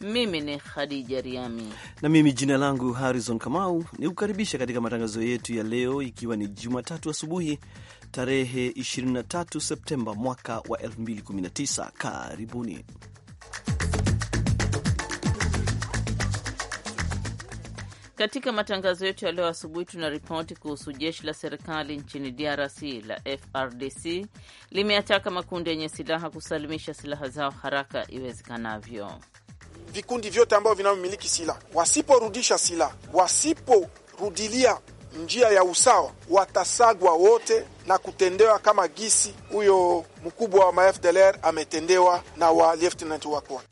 Mimi ni Khadija Riami na mimi jina langu Harrison Kamau, ni kukaribisha katika matangazo yetu ya leo, ikiwa ni Jumatatu asubuhi tarehe 23 Septemba mwaka wa 2019. Karibuni katika matangazo yetu ya leo asubuhi. Tuna ripoti kuhusu jeshi la serikali nchini DRC la FRDC limeyataka makundi yenye silaha kusalimisha silaha zao haraka iwezekanavyo vikundi vyote ambavyo vinavyomiliki silaha. Wasiporudisha silaha, wasiporudilia njia ya usawa, watasagwa wote na kutendewa kama gisi huyo mkubwa wa mafdlr ametendewa na wa lieutenant wako.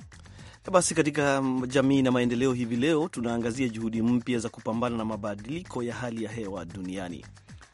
Basi katika jamii na maendeleo, hivi leo tunaangazia juhudi mpya za kupambana na mabadiliko ya hali ya hewa duniani.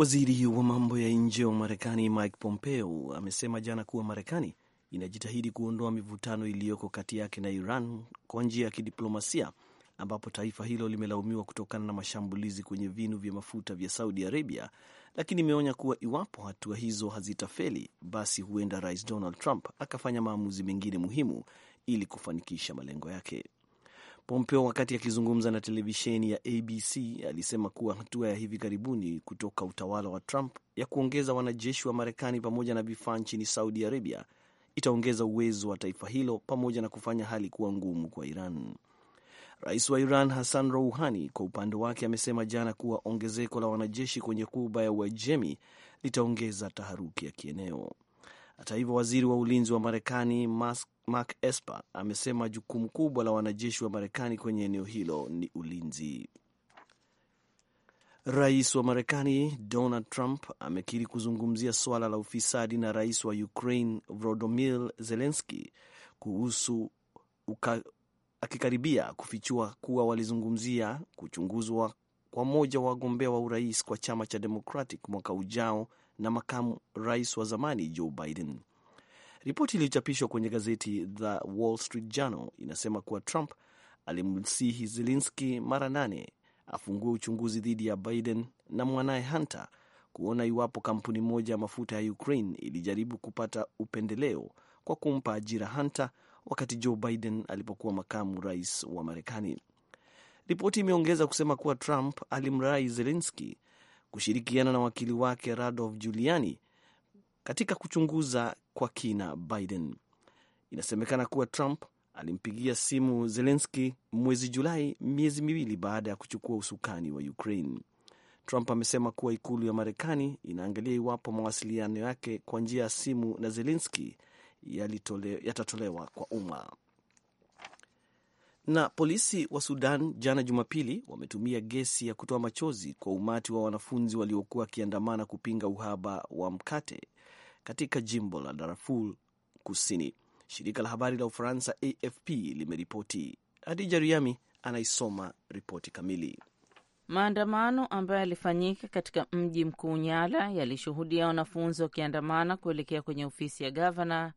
Waziri wa mambo ya nje wa Marekani Mike Pompeo amesema jana kuwa Marekani inajitahidi kuondoa mivutano iliyoko kati yake na Iran kwa njia ya kidiplomasia, ambapo taifa hilo limelaumiwa kutokana na mashambulizi kwenye vinu vya mafuta vya Saudi Arabia, lakini imeonya kuwa iwapo hatua hizo hazitafeli, basi huenda Rais Donald Trump akafanya maamuzi mengine muhimu ili kufanikisha malengo yake. Pompeo wakati akizungumza na televisheni ya ABC alisema kuwa hatua ya hivi karibuni kutoka utawala wa Trump ya kuongeza wanajeshi wa Marekani pamoja na vifaa nchini Saudi Arabia itaongeza uwezo wa taifa hilo pamoja na kufanya hali kuwa ngumu kwa Iran. Rais wa Iran Hassan Rouhani kwa upande wake amesema jana kuwa ongezeko la wanajeshi kwenye Kuba ya Uajemi litaongeza taharuki ya kieneo. Hata hivyo, waziri wa ulinzi wa Marekani Mark Esper amesema jukumu kubwa la wanajeshi wa Marekani kwenye eneo hilo ni ulinzi. Rais wa Marekani Donald Trump amekiri kuzungumzia suala la ufisadi na rais wa Ukraine Volodymyr Zelensky kuhusu uka, akikaribia kufichua kuwa walizungumzia kuchunguzwa kwa mmoja wa wagombea wa urais kwa chama cha Democratic mwaka ujao na makamu rais wa zamani Joe Biden. Ripoti iliyochapishwa kwenye gazeti The Wall Street Journal inasema kuwa Trump alimsihi Zelenski mara nane afungue uchunguzi dhidi ya Biden na mwanaye Hunter kuona iwapo kampuni moja ya mafuta ya Ukraine ilijaribu kupata upendeleo kwa kumpa ajira Hunter wakati Joe Biden alipokuwa makamu rais wa Marekani. Ripoti imeongeza kusema kuwa Trump alimrai Zelenski kushirikiana na wakili wake Rudolph juliani katika kuchunguza kwa kina Biden. Inasemekana kuwa Trump alimpigia simu Zelenski mwezi Julai, miezi miwili baada ya kuchukua usukani wa Ukraine. Trump amesema kuwa ikulu ya Marekani inaangalia iwapo mawasiliano yake kwa njia ya simu na Zelenski yatatolewa kwa umma. Na polisi wa Sudan jana Jumapili wametumia gesi ya kutoa machozi kwa umati wa wanafunzi waliokuwa wakiandamana kupinga uhaba wa mkate katika jimbo la Darfur Kusini, shirika la habari la Ufaransa AFP limeripoti. Hadija Riami anaisoma ripoti kamili. Maandamano ambayo yalifanyika katika mji mkuu Nyala yalishuhudia wanafunzi wakiandamana kuelekea kwenye ofisi ya gavana,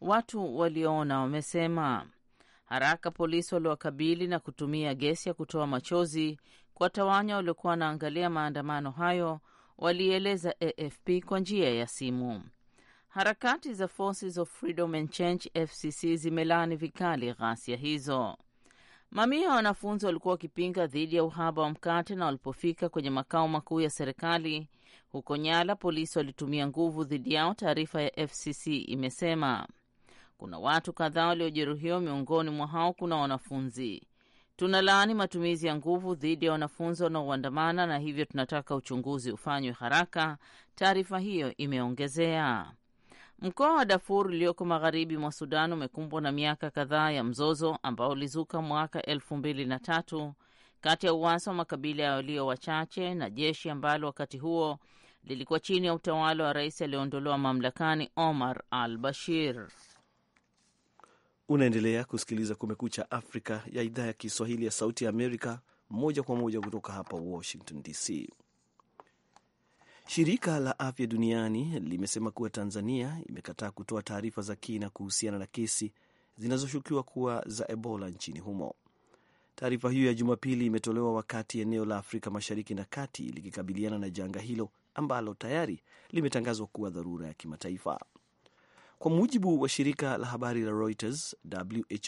watu walioona wamesema. Haraka polisi waliwakabili na kutumia gesi ya kutoa machozi kuwatawanya waliokuwa wanaangalia maandamano hayo, walieleza AFP kwa njia ya simu. Harakati za Forces of Freedom and Change FCC zimelaani vikali ghasia hizo. Mamia ya wanafunzi walikuwa wakipinga dhidi ya uhaba wa mkate, na walipofika kwenye makao makuu ya serikali huko Nyala, polisi walitumia nguvu dhidi yao. Taarifa ya FCC imesema kuna watu kadhaa waliojeruhiwa, miongoni mwa hao kuna wanafunzi. Tunalaani matumizi ya nguvu dhidi ya wanafunzi wanaoandamana, na hivyo tunataka uchunguzi ufanywe haraka, taarifa hiyo imeongezea. Mkoa wa Darfur ulioko magharibi mwa Sudan umekumbwa na miaka kadhaa ya mzozo ambao ulizuka mwaka elfu mbili na tatu kati ya uwasi wa makabila ya walio wachache na jeshi ambalo wakati huo lilikuwa chini ya utawala wa rais aliyeondolewa mamlakani Omar al Bashir. Unaendelea kusikiliza Kumekucha Afrika ya idhaa ya Kiswahili ya Sauti ya Amerika, moja kwa moja kutoka hapa Washington DC. Shirika la Afya Duniani limesema kuwa Tanzania imekataa kutoa taarifa za kina kuhusiana na kesi zinazoshukiwa kuwa za Ebola nchini humo. Taarifa hiyo ya Jumapili imetolewa wakati eneo la Afrika Mashariki na Kati likikabiliana na janga hilo ambalo tayari limetangazwa kuwa dharura ya kimataifa. Kwa mujibu wa shirika la habari la Reuters,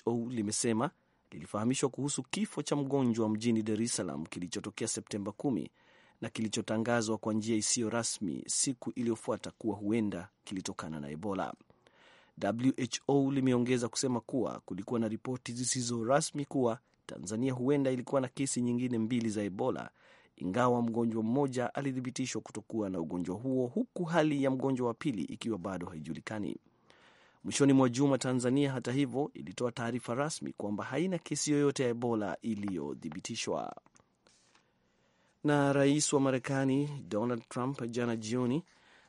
WHO limesema lilifahamishwa kuhusu kifo cha mgonjwa mjini Dar es Salaam kilichotokea Septemba na kilichotangazwa kwa njia isiyo rasmi siku iliyofuata kuwa huenda kilitokana na Ebola. WHO limeongeza kusema kuwa kulikuwa na ripoti zisizo rasmi kuwa Tanzania huenda ilikuwa na kesi nyingine mbili za Ebola, ingawa mgonjwa mmoja alithibitishwa kutokuwa na ugonjwa huo, huku hali ya mgonjwa wa pili ikiwa bado haijulikani. Mwishoni mwa juma, Tanzania hata hivyo ilitoa taarifa rasmi kwamba haina kesi yoyote ya Ebola iliyothibitishwa. Na rais wa Marekani Donald Trump jana jioni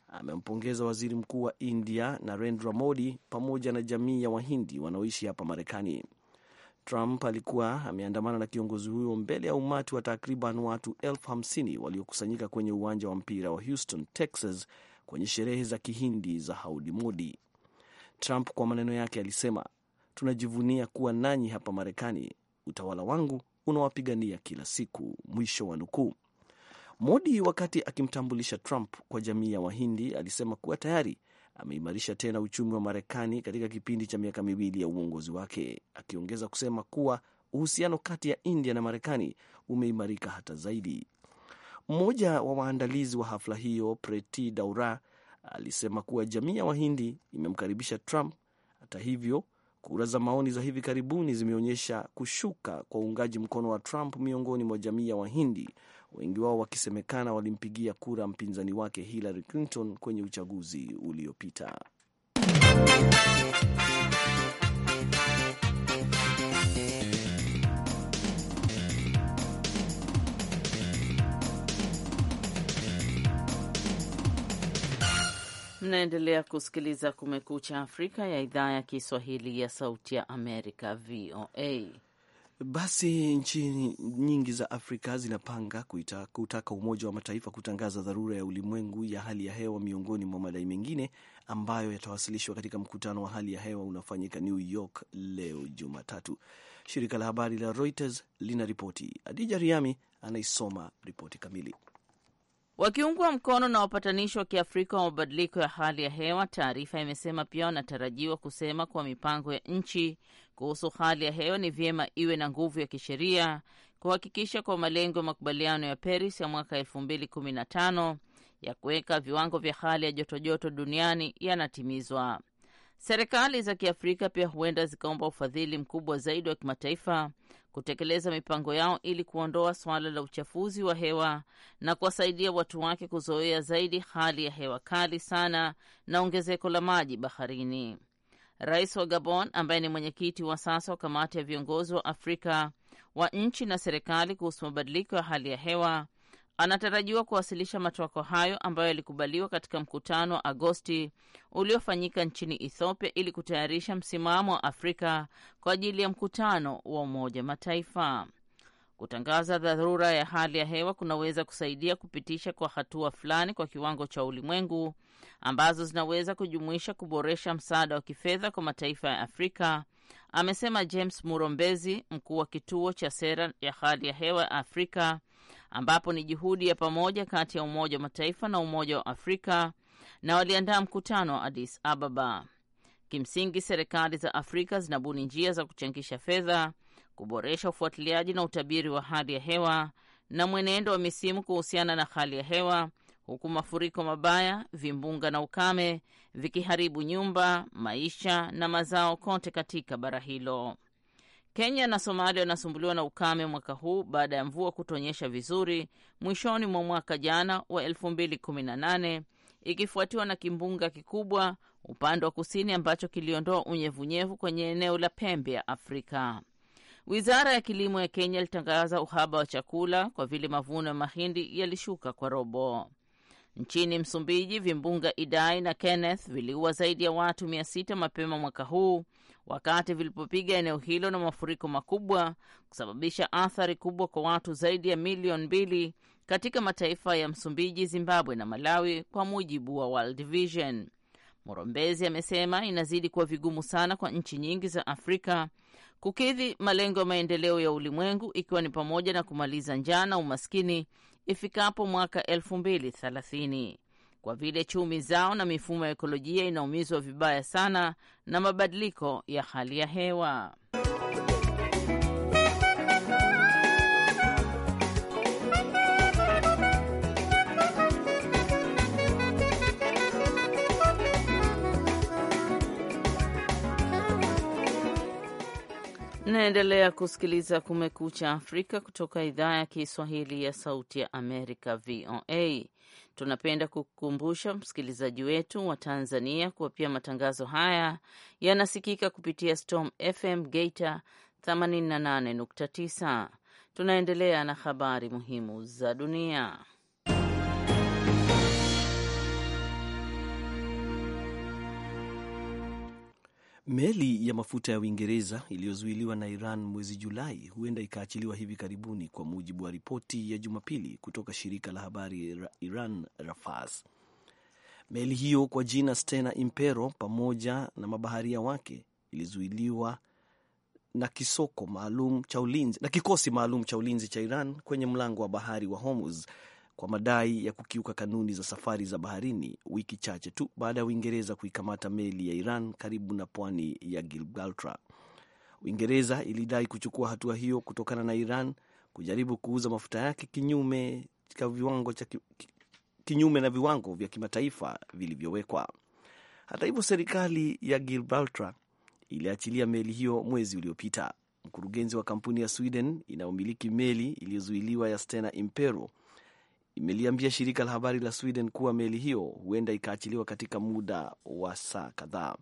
amempongeza waziri mkuu wa India Narendra Modi pamoja na jamii ya Wahindi wanaoishi hapa Marekani. Trump alikuwa ameandamana na kiongozi huyo mbele ya umati wa takriban watu elfu hamsini waliokusanyika kwenye uwanja wa mpira wa Houston, Texas, kwenye sherehe za Kihindi za Haudi Modi. Trump kwa maneno yake alisema, tunajivunia kuwa nanyi hapa Marekani, utawala wangu unawapigania kila siku, mwisho wa nukuu. Modi wakati akimtambulisha Trump kwa jamii ya Wahindi alisema kuwa tayari ameimarisha tena uchumi wa Marekani katika kipindi cha miaka miwili ya uongozi wake, akiongeza kusema kuwa uhusiano kati ya India na Marekani umeimarika hata zaidi. Mmoja wa waandalizi wa hafla hiyo, Preti Daura, alisema kuwa jamii ya Wahindi imemkaribisha Trump. Hata hivyo, kura za maoni za hivi karibuni zimeonyesha kushuka kwa uungaji mkono wa Trump miongoni mwa jamii ya Wahindi wengi wao wakisemekana walimpigia kura mpinzani wake Hillary Clinton kwenye uchaguzi uliopita. Mnaendelea kusikiliza Kumekucha Afrika ya idhaa ya Kiswahili ya Sauti ya Amerika, VOA. Basi nchi nyingi za Afrika zinapanga kuita, kutaka Umoja wa Mataifa kutangaza dharura ya ulimwengu ya hali ya hewa miongoni mwa madai mengine ambayo yatawasilishwa katika mkutano wa hali ya hewa unaofanyika New York leo Jumatatu. Shirika la habari la Reuters lina ripoti. Adija Riami anaisoma ripoti kamili. Wakiungwa mkono na wapatanishi wa Kiafrika wa mabadiliko ya hali ya hewa, taarifa imesema pia wanatarajiwa kusema kuwa mipango ya nchi kuhusu hali ya hewa, ni vyema iwe na nguvu ya kisheria kuhakikisha kwa malengo ya makubaliano ya Paris ya mwaka 2015 ya kuweka viwango vya hali ya jotojoto duniani yanatimizwa. Serikali za Kiafrika pia huenda zikaomba ufadhili mkubwa zaidi wa kimataifa kutekeleza mipango yao ili kuondoa suala la uchafuzi wa hewa na kuwasaidia watu wake kuzoea zaidi hali ya hewa kali sana na ongezeko la maji baharini. Rais wa Gabon ambaye ni mwenyekiti wa sasa wa kamati ya viongozi wa Afrika wa nchi na serikali kuhusu mabadiliko ya hali ya hewa anatarajiwa kuwasilisha matokeo hayo ambayo yalikubaliwa katika mkutano wa Agosti uliofanyika nchini Ethiopia ili kutayarisha msimamo wa Afrika kwa ajili ya mkutano wa Umoja Mataifa. Kutangaza dharura ya hali ya hewa kunaweza kusaidia kupitisha kwa hatua fulani kwa kiwango cha ulimwengu ambazo zinaweza kujumuisha kuboresha msaada wa kifedha kwa mataifa ya Afrika, amesema James Murombezi, mkuu wa kituo cha sera ya hali ya hewa ya Afrika, ambapo ni juhudi ya pamoja kati ya Umoja wa Mataifa na Umoja wa Afrika, na waliandaa mkutano wa Addis Ababa. Kimsingi, serikali za Afrika zinabuni njia za kuchangisha fedha kuboresha ufuatiliaji na utabiri wa hali ya hewa na mwenendo wa misimu kuhusiana na hali ya hewa, huku mafuriko mabaya, vimbunga na ukame vikiharibu nyumba, maisha na mazao kote katika bara hilo. Kenya na Somalia wanasumbuliwa na ukame mwaka huu baada ya mvua kutonyesha vizuri mwishoni mwa mwaka jana wa 2018 ikifuatiwa na kimbunga kikubwa upande wa kusini ambacho kiliondoa unyevunyevu kwenye eneo la pembe ya Afrika. Wizara ya kilimo ya Kenya ilitangaza uhaba wa chakula kwa vile mavuno ya mahindi yalishuka kwa robo. Nchini Msumbiji, vimbunga Idai na Kenneth viliua zaidi ya watu mia sita mapema mwaka huu wakati vilipopiga eneo hilo na mafuriko makubwa kusababisha athari kubwa kwa watu zaidi ya milioni mbili katika mataifa ya Msumbiji, Zimbabwe na Malawi, kwa mujibu wa World Vision. Morombezi amesema inazidi kuwa vigumu sana kwa nchi nyingi za Afrika kukidhi malengo ya maendeleo ya ulimwengu ikiwa ni pamoja na kumaliza njaa na umaskini ifikapo mwaka 2030. Kwa vile chumi zao na mifumo ya ekolojia inaumizwa vibaya sana na mabadiliko ya hali ya hewa. Mnaendelea kusikiliza Kumekucha Afrika kutoka idhaa ya Kiswahili ya Sauti ya Amerika, VOA. Tunapenda kukumbusha msikilizaji wetu wa Tanzania kuwa pia matangazo haya yanasikika kupitia Storm FM Geita 88.9. Tunaendelea na habari muhimu za dunia. Meli ya mafuta ya Uingereza iliyozuiliwa na Iran mwezi Julai huenda ikaachiliwa hivi karibuni, kwa mujibu wa ripoti ya Jumapili kutoka shirika la habari la Iran Rafas. Meli hiyo kwa jina Stena Impero pamoja na mabaharia wake ilizuiliwa na kisoko maalum cha ulinzi na kikosi maalum cha ulinzi cha Iran kwenye mlango wa bahari wa Hormuz kwa madai ya kukiuka kanuni za safari za baharini, wiki chache tu baada ya Uingereza kuikamata meli ya Iran karibu na pwani ya Gibraltar. Uingereza ilidai kuchukua hatua hiyo kutokana na Iran kujaribu kuuza mafuta yake kinyume, kinyume na viwango vya kimataifa vilivyowekwa. Hata hivyo, serikali ya Gibraltar iliachilia meli hiyo mwezi uliopita. Mkurugenzi wa kampuni ya Sweden inayomiliki meli iliyozuiliwa ya Stena Impero imeliambia shirika la habari la Sweden kuwa meli hiyo huenda ikaachiliwa katika muda wa saa kadhaa.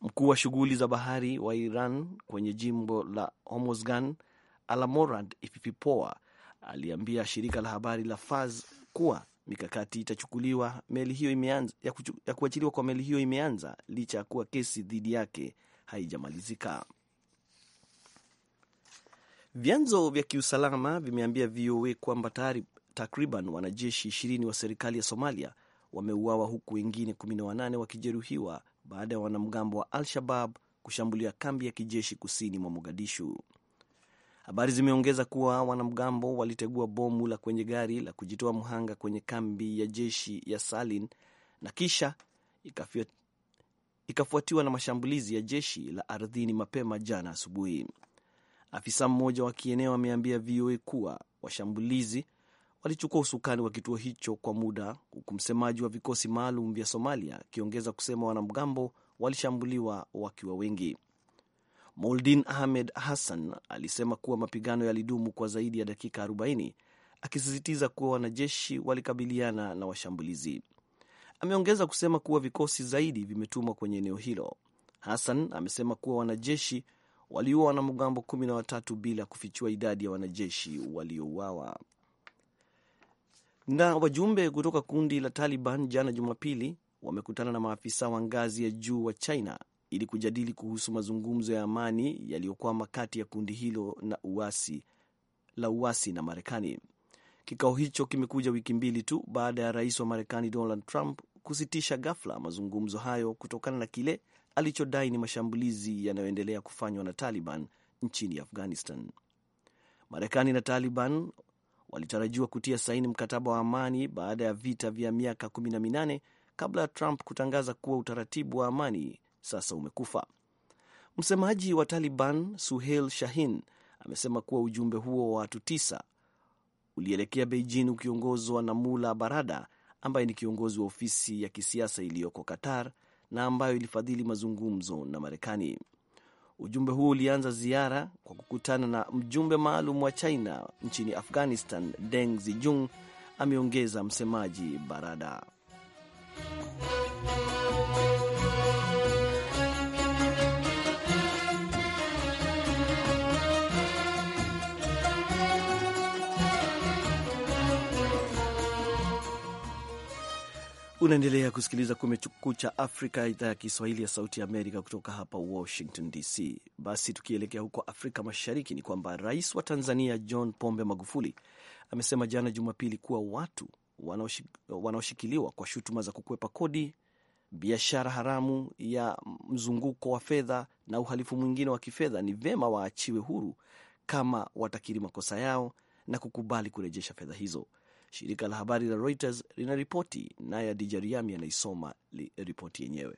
Mkuu wa shughuli za bahari wa Iran kwenye jimbo la Hormozgan, Alamorad Ipipipoa, aliambia shirika la habari la Fars kuwa mikakati itachukuliwa meli hiyo imeanza, ya, kuchu, ya kuachiliwa kwa meli hiyo imeanza licha ya kuwa kesi dhidi yake haijamalizika. Vyanzo vya kiusalama vimeambia VOA kwamba tayari takriban wanajeshi ishirini wa serikali ya Somalia wameuawa huku wengine 18 wakijeruhiwa baada ya wanamgambo wa Al-Shabab kushambulia kambi ya kijeshi kusini mwa Mogadishu. Habari zimeongeza kuwa wanamgambo walitegua bomu la kwenye gari la kujitoa mhanga kwenye kambi ya jeshi ya Salin na kisha ikafuatiwa na mashambulizi ya jeshi la ardhini mapema jana asubuhi. Afisa mmoja wa kieneo ameambia VOA kuwa washambulizi walichukua usukani wa kituo hicho kwa muda, huku msemaji wa vikosi maalum vya Somalia akiongeza kusema wanamgambo walishambuliwa wakiwa wengi. Moldin Ahmed Hassan alisema kuwa mapigano yalidumu kwa zaidi ya dakika 40 akisisitiza kuwa wanajeshi walikabiliana na washambulizi. Ameongeza kusema kuwa vikosi zaidi vimetumwa kwenye eneo hilo. Hassan amesema kuwa wanajeshi waliua wanamgambo kumi na watatu bila kufichua idadi ya wanajeshi waliouawa. Na wajumbe kutoka kundi la Taliban jana Jumapili wamekutana na maafisa wa ngazi ya juu wa China ili kujadili kuhusu mazungumzo ya amani yaliyokwama kati ya kundi hilo na uasi, la uasi na Marekani. Kikao hicho kimekuja wiki mbili tu baada ya rais wa Marekani Donald Trump kusitisha ghafla mazungumzo hayo kutokana na kile alichodai ni mashambulizi yanayoendelea kufanywa na Taliban nchini Afghanistan. Marekani na Taliban walitarajiwa kutia saini mkataba wa amani baada ya vita vya miaka 18 kabla ya Trump kutangaza kuwa utaratibu wa amani sasa umekufa. Msemaji wa Taliban Suheil Shahin amesema kuwa ujumbe huo wa watu tisa ulielekea Beijing ukiongozwa na Mula Barada ambaye ni kiongozi wa ofisi ya kisiasa iliyoko Qatar na ambayo ilifadhili mazungumzo na Marekani. Ujumbe huo ulianza ziara kwa kukutana na mjumbe maalum wa China nchini Afghanistan, Deng Zijung, ameongeza msemaji Barada. Unaendelea kusikiliza Kumekucha Afrika, idhaa ya Kiswahili ya Sauti ya Amerika kutoka hapa Washington DC. Basi tukielekea huko Afrika Mashariki, ni kwamba rais wa Tanzania John Pombe Magufuli amesema jana Jumapili kuwa watu wanaoshikiliwa kwa shutuma za kukwepa kodi, biashara haramu ya mzunguko wa fedha na uhalifu mwingine wa kifedha ni vyema waachiwe huru kama watakiri makosa yao na kukubali kurejesha fedha hizo shirika la habari la Reuters linaripoti, naye Adija Riami anaisoma ripoti yenyewe.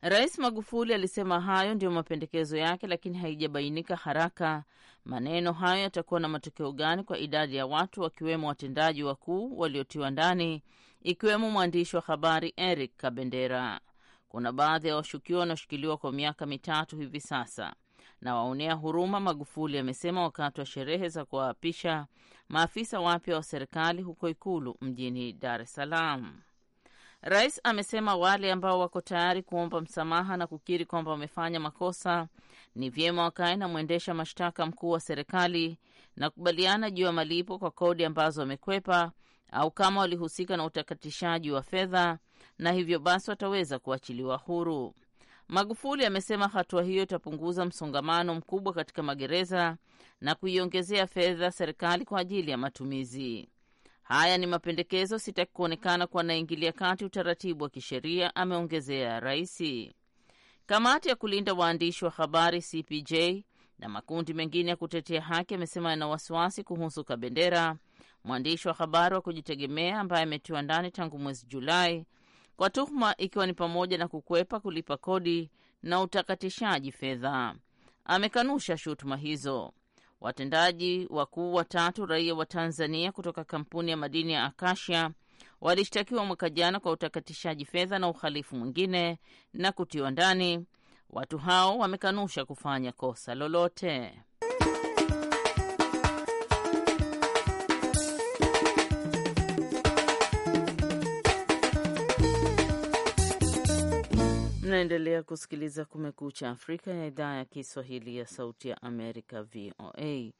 Rais Magufuli alisema hayo ndiyo mapendekezo yake, lakini haijabainika haraka maneno hayo yatakuwa na matokeo gani kwa idadi ya watu, wakiwemo watendaji wakuu waliotiwa ndani, ikiwemo mwandishi wa habari Eric Kabendera. Kuna baadhi ya washukiwa wanaoshikiliwa kwa miaka mitatu hivi sasa. Nawaonea huruma, Magufuli amesema wakati wa sherehe za kuwaapisha maafisa wapya wa serikali huko Ikulu mjini Dar es Salaam. Rais amesema wale ambao wako tayari kuomba msamaha na kukiri kwamba wamefanya makosa ni vyema wakae na mwendesha mashtaka mkuu wa serikali na kubaliana juu ya malipo kwa kodi ambazo wamekwepa au kama walihusika na utakatishaji wa fedha, na hivyo basi wataweza kuachiliwa huru. Magufuli amesema hatua hiyo itapunguza msongamano mkubwa katika magereza na kuiongezea fedha serikali kwa ajili ya matumizi. Haya ni mapendekezo, sitaki kuonekana kuwa naingilia kati utaratibu wa kisheria, ameongezea raisi. Kamati ya kulinda waandishi wa habari CPJ na makundi mengine ya kutetea haki amesema yana wasiwasi kuhusu Kabendera, mwandishi wa habari wa kujitegemea ambaye ametiwa ndani tangu mwezi Julai kwa tuhuma ikiwa ni pamoja na kukwepa kulipa kodi na utakatishaji fedha. Amekanusha shutuma hizo. Watendaji wakuu watatu raia wa Tanzania kutoka kampuni ya madini ya Akasia walishtakiwa mwaka jana kwa utakatishaji fedha na uhalifu mwingine na kutiwa ndani. Watu hao wamekanusha kufanya kosa lolote. Mnaendelea kusikiliza Kumekucha Afrika ya idhaa ya Kiswahili ya Sauti ya Amerika, VOA.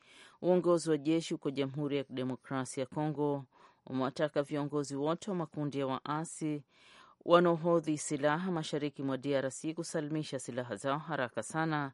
Uongozi wa jeshi huko Jamhuri ya Kidemokrasia ya Kongo umewataka viongozi wote wa makundi ya waasi wanaohodhi silaha mashariki mwa DRC kusalimisha silaha zao haraka sana,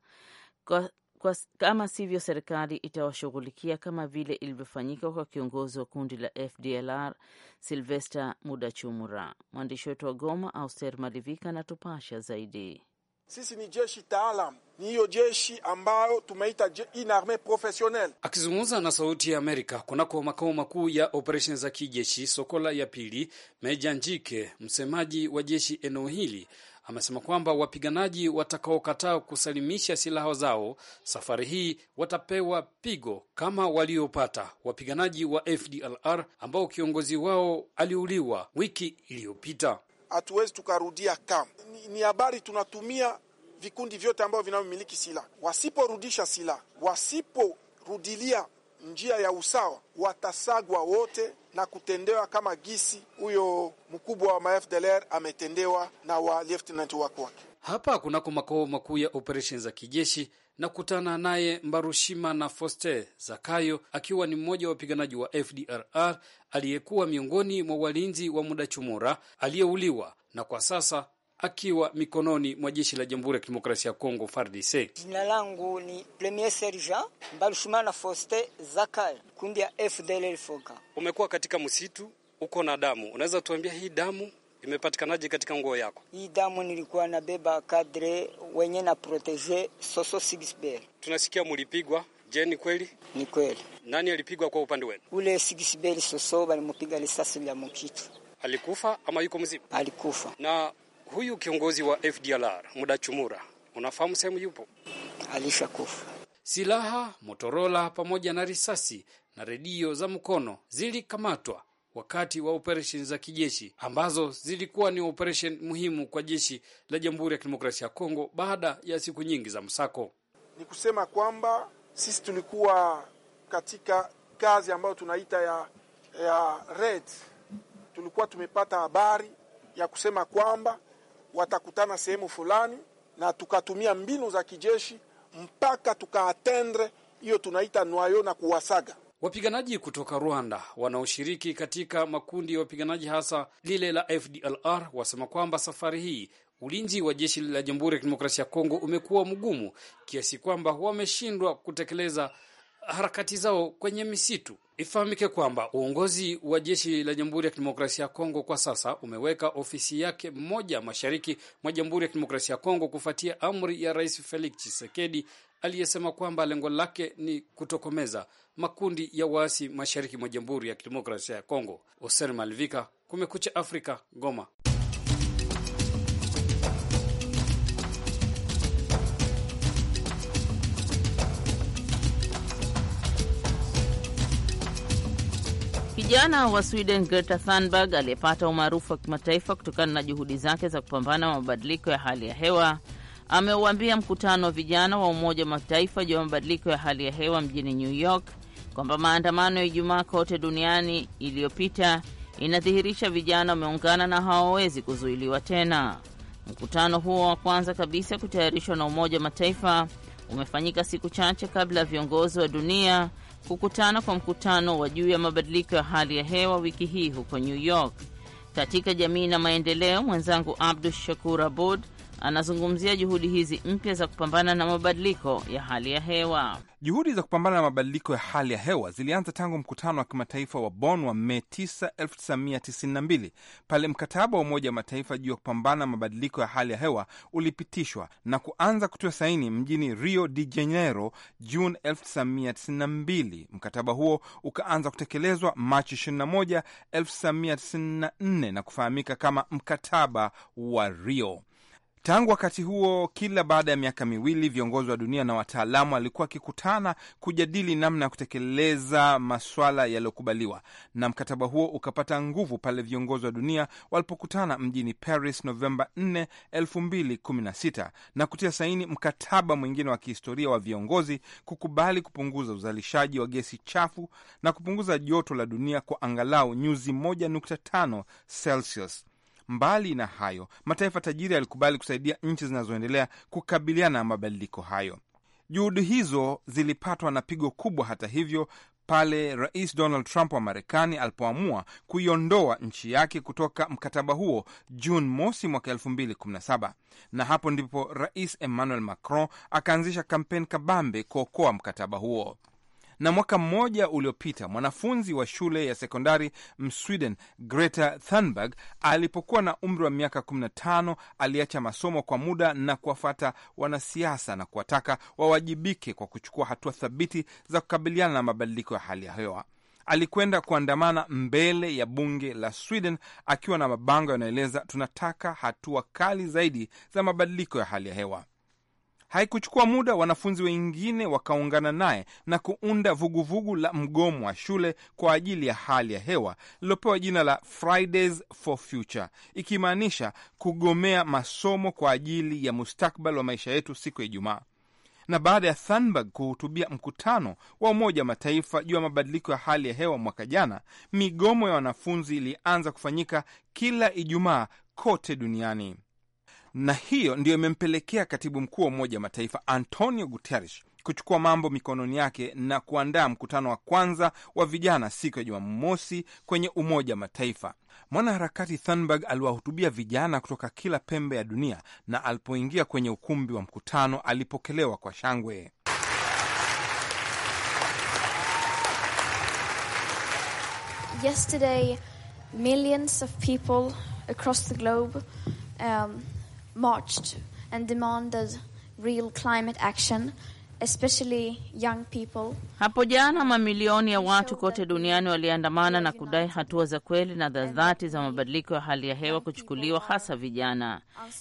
kwa, kama sivyo serikali itawashughulikia kama vile ilivyofanyika kwa kiongozi wa kundi la FDLR Silvester Mudachumura. Mwandishi wetu wa Goma, Auster Malivika, anatupasha zaidi. Sisi ni jeshi taalam, ni hiyo jeshi ambayo tumeita inarme professionnel. Akizungumza na Sauti ya Amerika kunako makao makuu ya operesheni za kijeshi Sokola ya pili, Meja Njike, msemaji wa jeshi eneo hili, amesema kwamba wapiganaji watakaokataa kusalimisha silaha zao safari hii watapewa pigo kama waliopata wapiganaji wa FDLR ambao kiongozi wao aliuliwa wiki iliyopita. Hatuwezi tukarudia kamp. Ni habari tunatumia vikundi vyote ambavyo vinavyomiliki silaha, wasiporudisha silaha, wasiporudilia njia ya usawa, watasagwa wote na kutendewa kama gisi huyo mkubwa wa mafdlr ametendewa na wa lieutenant wako wake hapa kunako makao makuu ya operesheni za kijeshi na kutana naye Mbarushima na Foste Zakayo, akiwa ni mmoja wa wapiganaji wa FDRR aliyekuwa miongoni mwa walinzi wa muda chumura aliyeuliwa na kwa sasa akiwa mikononi mwa jeshi la Jamhuri ya Kidemokrasia ya Kongo FARDC. Jina langu ni Premier Sergeant Mbalushimana Foste Zakar, kundi ya FDLR Foka. Umekuwa katika msitu, uko na damu, unaweza tuambia hii damu imepatikanaje katika nguo yako? Hii damu nilikuwa nabeba kadre wenye na proteje Soso sigisber. Tunasikia mulipigwa Je, ni kweli? Ni kweli. Nani alipigwa kwa upande wenu? Ule Sigisbeli Soso balimupiga risasi lya mukitu. Alikufa ama yuko mzima? Alikufa. Na Huyu kiongozi wa FDLR Mudachumura, unafahamu sehemu yupo? Alishakufa. Silaha, Motorola pamoja na risasi na redio za mkono zilikamatwa wakati wa operesheni za kijeshi ambazo zilikuwa ni operesheni muhimu kwa jeshi la Jamhuri ya Kidemokrasia ya Kongo baada ya siku nyingi za msako. Ni kusema kwamba sisi tulikuwa katika kazi ambayo tunaita ya, ya red. Tulikuwa tumepata habari ya kusema kwamba watakutana sehemu fulani, na tukatumia mbinu za kijeshi mpaka tukaatendre hiyo tunaita nwayo na kuwasaga wapiganaji kutoka Rwanda wanaoshiriki katika makundi ya wapiganaji hasa lile la FDLR wasema kwamba safari hii ulinzi wa jeshi la Jamhuri ya Kidemokrasia ya Kongo umekuwa mgumu kiasi kwamba wameshindwa kutekeleza harakati zao kwenye misitu. Ifahamike kwamba uongozi wa jeshi la Jamhuri ya Kidemokrasia ya Kongo kwa sasa umeweka ofisi yake moja mashariki mwa Jamhuri ya Kidemokrasia ya Kongo kufuatia amri ya Rais Felix Tshisekedi aliyesema kwamba lengo lake ni kutokomeza makundi ya waasi mashariki mwa Jamhuri ya Kidemokrasia ya Kongo. Oser Malvika, Kumekucha Afrika, Goma. Msichana wa Sweden Greta Thunberg aliyepata umaarufu wa kimataifa kutokana na juhudi zake za kupambana na mabadiliko ya hali ya hewa ameuambia mkutano wa vijana wa Umoja wa Mataifa juu ya mabadiliko ya hali ya hewa mjini New York kwamba maandamano ya Ijumaa kote duniani iliyopita inadhihirisha vijana wameungana na hawawezi kuzuiliwa tena. Mkutano huo wa kwanza kabisa kutayarishwa na Umoja wa Mataifa umefanyika siku chache kabla ya viongozi wa dunia kukutana kwa mkutano wa juu ya mabadiliko ya hali ya hewa wiki hii huko New York. Katika jamii na maendeleo, mwenzangu Abdu Shakur Abud anazungumzia juhudi hizi mpya za kupambana na mabadiliko ya hali ya hewa. Juhudi za kupambana na mabadiliko ya hali ya hewa zilianza tangu mkutano wa kimataifa wa Bonn wa Mei 9, 1992 pale mkataba wa Umoja wa Mataifa juu ya kupambana na mabadiliko ya hali ya hewa ulipitishwa na kuanza kutiwa saini mjini Rio de Janeiro Juni 1992. Mkataba huo ukaanza kutekelezwa Machi 21, 1994 na kufahamika kama mkataba wa Rio. Tangu wakati huo, kila baada ya miaka miwili viongozi wa dunia na wataalamu walikuwa wakikutana kujadili namna ya kutekeleza maswala yaliyokubaliwa, na mkataba huo ukapata nguvu pale viongozi wa dunia walipokutana mjini Paris Novemba 4, 2016 na kutia saini mkataba mwingine wa kihistoria wa viongozi kukubali kupunguza uzalishaji wa gesi chafu na kupunguza joto la dunia kwa angalau nyuzi 1.5 Celsius. Mbali na hayo, mataifa tajiri yalikubali kusaidia nchi zinazoendelea kukabiliana na mabadiliko hayo. Juhudi hizo zilipatwa na pigo kubwa, hata hivyo, pale Rais Donald Trump wa Marekani alipoamua kuiondoa nchi yake kutoka mkataba huo Juni mosi mwaka 2017, na hapo ndipo Rais Emmanuel Macron akaanzisha kampeni kabambe kuokoa mkataba huo. Na mwaka mmoja uliopita mwanafunzi wa shule ya sekondari Msweden Greta Thunberg alipokuwa na umri wa miaka 15 aliacha masomo kwa muda na kuwafata wanasiasa na kuwataka wawajibike kwa kuchukua hatua thabiti za kukabiliana na mabadiliko ya hali ya hewa. Alikwenda kuandamana mbele ya bunge la Sweden akiwa na mabango yanayoeleza tunataka hatua kali zaidi za mabadiliko ya hali ya hewa. Haikuchukua muda, wanafunzi wengine wakaungana naye na kuunda vuguvugu vugu la mgomo wa shule kwa ajili ya hali ya hewa lililopewa jina la Fridays for Future, ikimaanisha kugomea masomo kwa ajili ya mustakbal wa maisha yetu siku ya Ijumaa na baada ya Thunberg kuhutubia mkutano wa Umoja wa Mataifa juu ya mabadiliko ya hali ya hewa mwaka jana, migomo ya wanafunzi ilianza kufanyika kila Ijumaa kote duniani na hiyo ndiyo imempelekea katibu mkuu wa Umoja wa Mataifa Antonio Guterres kuchukua mambo mikononi yake na kuandaa mkutano wa kwanza wa vijana siku ya Jumamosi kwenye Umoja wa Mataifa. Mwanaharakati Thunberg aliwahutubia vijana kutoka kila pembe ya dunia, na alipoingia kwenye ukumbi wa mkutano alipokelewa kwa shangwe. Yesterday, millions of people across the globe, um, marched and demanded real climate action especially young people. Hapo jana mamilioni ya watu kote duniani waliandamana na kudai hatua za kweli na za dhati za mabadiliko ya hali ya hewa kuchukuliwa, hasa vijana.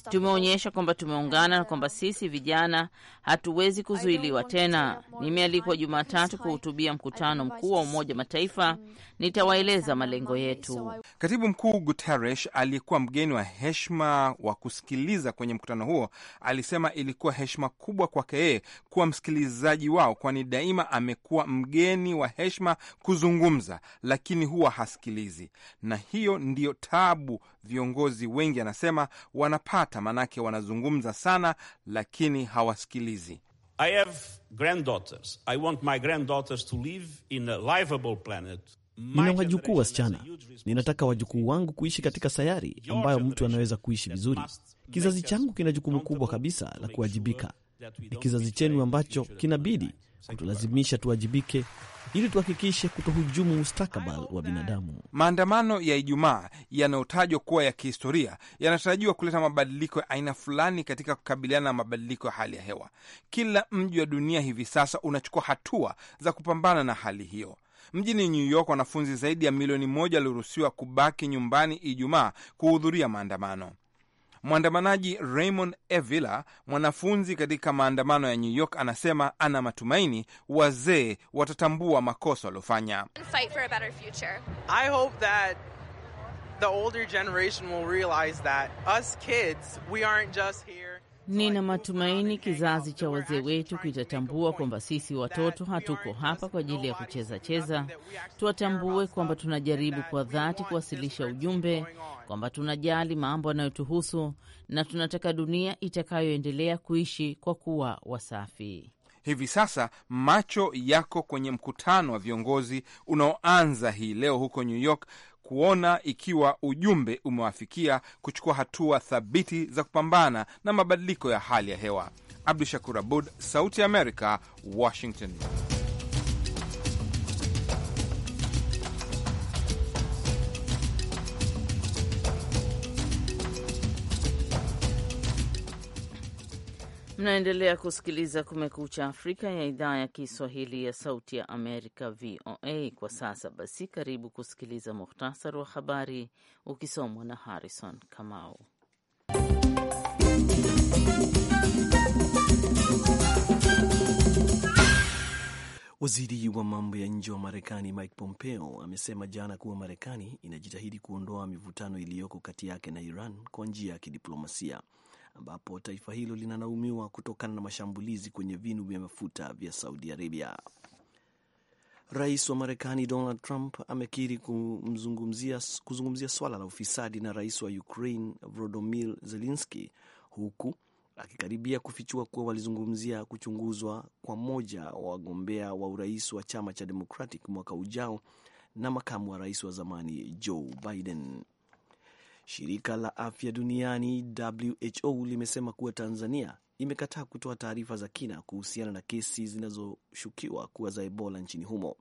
Tumeonyesha kwamba tumeungana na uh, kwamba sisi vijana hatuwezi kuzuiliwa tena. Nimealikwa Jumatatu kuhutubia mkutano mkuu wa Umoja Mataifa, nitawaeleza malengo yetu. Katibu Mkuu Guterres aliyekuwa mgeni wa heshima wa kusikiliza kwenye mkutano huo alisema ilikuwa heshima kubwa kwake yeye kuwa msikilizaji wao, kwani daima amekuwa mgeni wa heshima kuzungumza, lakini huwa hasikilizi, na hiyo ndiyo tabu viongozi wengi anasema wanapata, maanake wanazungumza sana, lakini hawasikilizi. I have granddaughters. I want my granddaughters to live in a livable planet. Nina wajukuu wasichana, ninataka wajukuu wangu kuishi katika sayari ambayo mtu anaweza kuishi vizuri. Kizazi changu kina jukumu kubwa kabisa la kuwajibika ni kizazi chenu ambacho kinabidi kutulazimisha tuwajibike ili tuhakikishe kutohujumu mustakabali wa binadamu. Maandamano ya Ijumaa yanayotajwa kuwa ya kihistoria yanatarajiwa kuleta mabadiliko ya aina fulani katika kukabiliana na mabadiliko ya hali ya hewa. Kila mji wa dunia hivi sasa unachukua hatua za kupambana na hali hiyo. Mjini New York, wanafunzi zaidi ya milioni moja waliruhusiwa kubaki nyumbani Ijumaa kuhudhuria maandamano. Mwandamanaji Raymond Evila, mwanafunzi katika maandamano ya New York, anasema ana matumaini wazee watatambua makosa waliofanya. The older generation will realize that us kids, we aren't just here. Nina matumaini kizazi cha wazee wetu kitatambua kwamba sisi watoto hatuko hapa kwa ajili ya kucheza cheza. Tuwatambue kwamba tunajaribu kwa dhati kuwasilisha ujumbe kwamba tunajali mambo yanayotuhusu na tunataka dunia itakayoendelea kuishi kwa kuwa wasafi. Hivi sasa macho yako kwenye mkutano wa viongozi unaoanza hii leo huko New York kuona ikiwa ujumbe umewafikia kuchukua hatua thabiti za kupambana na mabadiliko ya hali ya hewa. Abdu Shakur Abud, Sauti ya Amerika, Washington. Mnaendelea kusikiliza Kumekucha Afrika ya idhaa ya Kiswahili ya Sauti ya Amerika, VOA. Kwa sasa basi, karibu kusikiliza muhtasari wa habari ukisomwa na Harrison Kamau. Waziri wa mambo ya nje wa Marekani Mike Pompeo amesema jana kuwa Marekani inajitahidi kuondoa mivutano iliyoko kati yake na Iran kwa njia ya kidiplomasia ambapo taifa hilo linalaumiwa kutokana na mashambulizi kwenye vinu vya mafuta vya Saudi Arabia. Rais wa Marekani Donald Trump amekiri kuzungumzia swala la ufisadi na rais wa Ukraine Volodymyr Zelensky huku akikaribia kufichua kuwa walizungumzia kuchunguzwa kwa mmoja wa wagombea wa urais wa chama cha Democratic mwaka ujao na makamu wa rais wa zamani Joe Biden. Shirika la Afya Duniani WHO limesema kuwa Tanzania imekataa kutoa taarifa za kina kuhusiana na kesi zinazoshukiwa kuwa za Ebola nchini humo.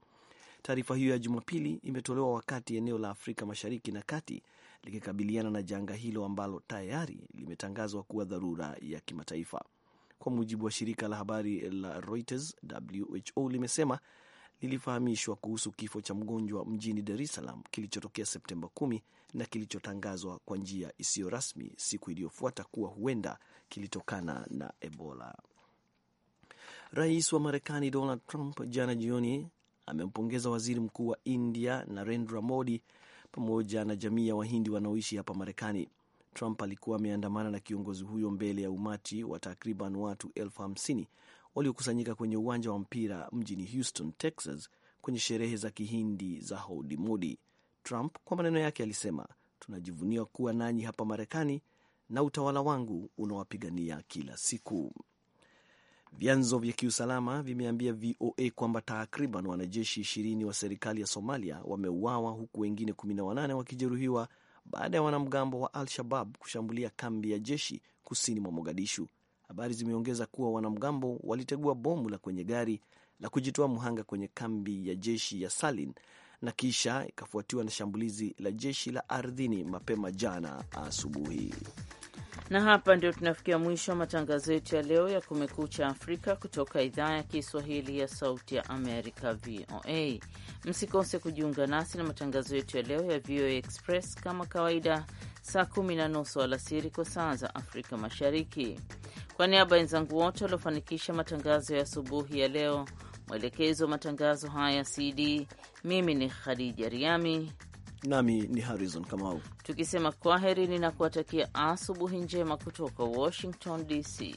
Taarifa hiyo ya Jumapili imetolewa wakati eneo la Afrika Mashariki na Kati likikabiliana na janga hilo ambalo tayari limetangazwa kuwa dharura ya kimataifa. Kwa mujibu wa shirika la habari la Reuters, WHO limesema lilifahamishwa kuhusu kifo cha mgonjwa mjini Dar es Salaam kilichotokea Septemba 10 na kilichotangazwa kwa njia isiyo rasmi siku iliyofuata kuwa huenda kilitokana na Ebola. Rais wa Marekani Donald Trump jana jioni amempongeza waziri mkuu wa India Narendra Modi pamoja na jamii ya Wahindi wanaoishi hapa Marekani. Trump alikuwa ameandamana na kiongozi huyo mbele ya umati wa takriban watu elfu hamsini waliokusanyika kwenye uwanja wa mpira mjini Houston, Texas, kwenye sherehe za Kihindi za Howdy Modi. Trump kwa maneno yake alisema, tunajivunia kuwa nanyi hapa Marekani na utawala wangu unawapigania kila siku. Vyanzo vya kiusalama vimeambia VOA kwamba takriban wanajeshi ishirini wa serikali ya Somalia wameuawa huku wengine 18 wakijeruhiwa baada ya wanamgambo wa Al Shabab kushambulia kambi ya jeshi kusini mwa Mogadishu. Habari zimeongeza kuwa wanamgambo walitegua bomu la kwenye gari la kujitoa mhanga kwenye kambi ya jeshi ya Salin na kisha ikafuatiwa na shambulizi la jeshi la ardhini mapema jana asubuhi. Na hapa ndio tunafikia mwisho wa matangazo yetu ya leo ya Kumekucha Afrika kutoka idhaa ya Kiswahili ya Sauti ya Amerika, VOA. Msikose kujiunga nasi na matangazo yetu ya leo ya VOA Express kama kawaida, saa kumi na nusu alasiri kwa saa za Afrika Mashariki. Kwa niaba ya wenzangu wote waliofanikisha matangazo ya asubuhi ya leo, mwelekezi wa matangazo haya CD, mimi ni Khadija Riami nami ni Harrison Kamau, tukisema kwaheri, ninakuwatakia asubuhi njema kutoka Washington DC.